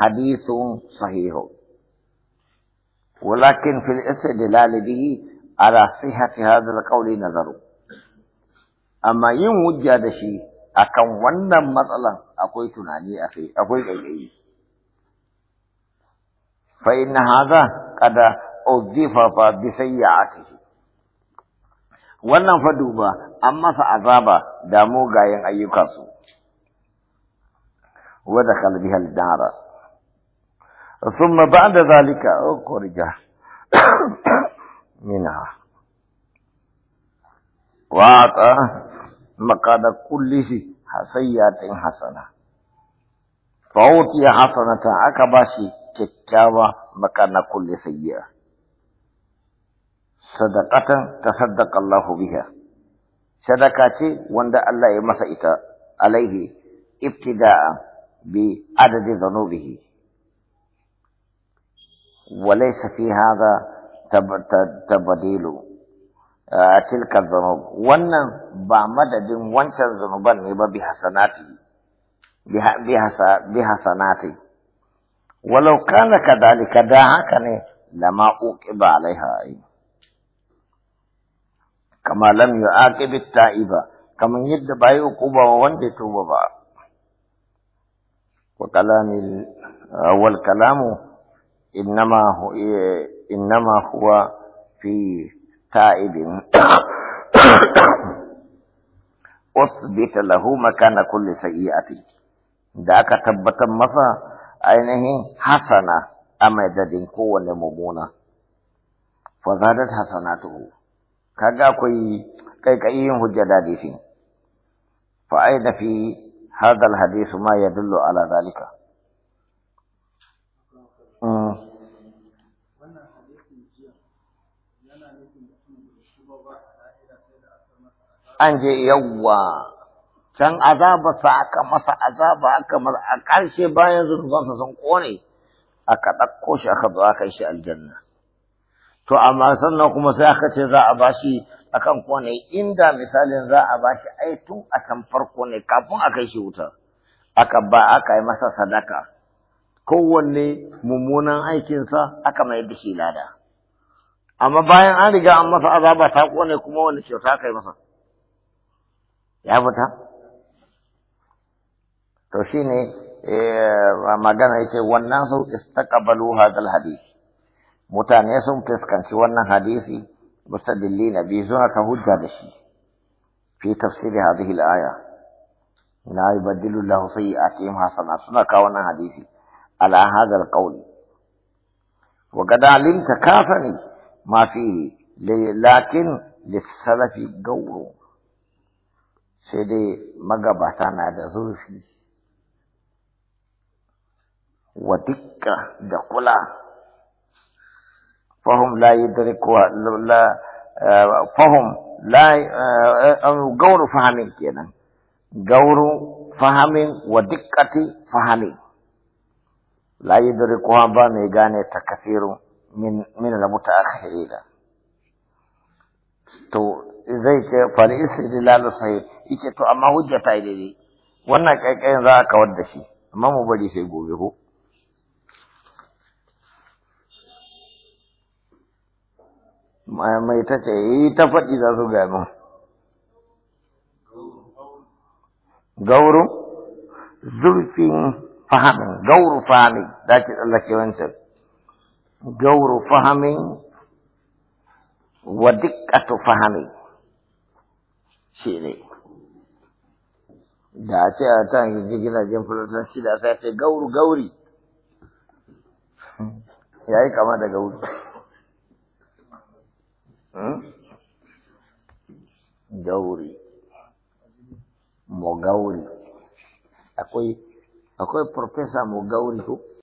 حديث صحيح ولكن في الاستدلال به على صحة هذا القول نظر أما يوم وجد شيء أكون ونن مطلع أقول تناني أخي أقول أيدي فإن هذا قد أضيف بسيئاته wannan fa duba an masa azaba da mugayen ayyukansu wa dakhala biha ثم بعد ذلك خرج منها وأعطى مقعد كل حسيات حسنة فأوتي حسنة أكباشي كتابة مكان كل سيئة صدقة تصدق الله بها صدقة وند الله مسئت عليه ابتداء بعدد ذنوبه وليس في هذا تبديل آه، تلك الذنوب وان بعمد وانشا ذنوبا نبا بحسناتي بحسناتي ولو كان كذلك داعك لما أوكب عليها كما لم يعاقب التائب كما يد باي عقوبة وانجي توبة وكلام والكلام كلامه انما هو إيه، انما هو في تائب اثبت له مكان كل سيئه ذاك تبت مسا عينه حسنه امدد قوة ممونة فزادت حسناته كذا كوي كاي كاي هجة فأين في هذا الحديث ما يدل على ذلك؟ an je yawwa can azaba sa aka masa azaba aka masa a ƙarshe bayan zunubansa sun kone aka ɗauko shi aka zo aka shi aljanna to amma sannan kuma sai aka ce za a bashi akan kone inda misalin za a bashi ai tun a can farko ne kafin a kai shi wuta aka ba aka yi masa sadaka kowanne mummunan aikinsa aka mai da shi lada amma bayan an riga an masa azaba ta kone kuma wani kyauta aka yi masa ya fita to shine magana yace wannan su istaqbalu hadal hadith mutane sun fuskanci wannan hadisi mustadillina bi suna ta hujja da shi fi tafsiri hadhihi al-aya la yubaddilu Allahu sayyi'atihim hasana suna kawo wannan hadisi ala hadha al-qawl wa qad alimta kafani ma fihi lakin lis-salafi gawru sai dai magabata na da zurfi wa dukka da kula fahim la yudrikuwa la eh, fahim la eh, eh, gauru fahamin kenan gauru fahamin wa dikkati fahamin la kowa ba mai gane ta kafiru min al a to zai ce fal istidlalu sahih yake to amma hujja ta yi daidai wannan kaikayin za a kawar da shi amma mu bari sai gobe ko mai ta ce yi eh, ta faɗi za su gano gauru zurfin fahamin gauru fahamin da ke tsallake wancan gauru fahamin wa dikkatu fahamin shi ne da a ce a ta hanci gidajen shi da sai ce gauru gauri ya yi kama da gauri hmm? gauri mu gauri akwai akwai farfesa mu gauri ko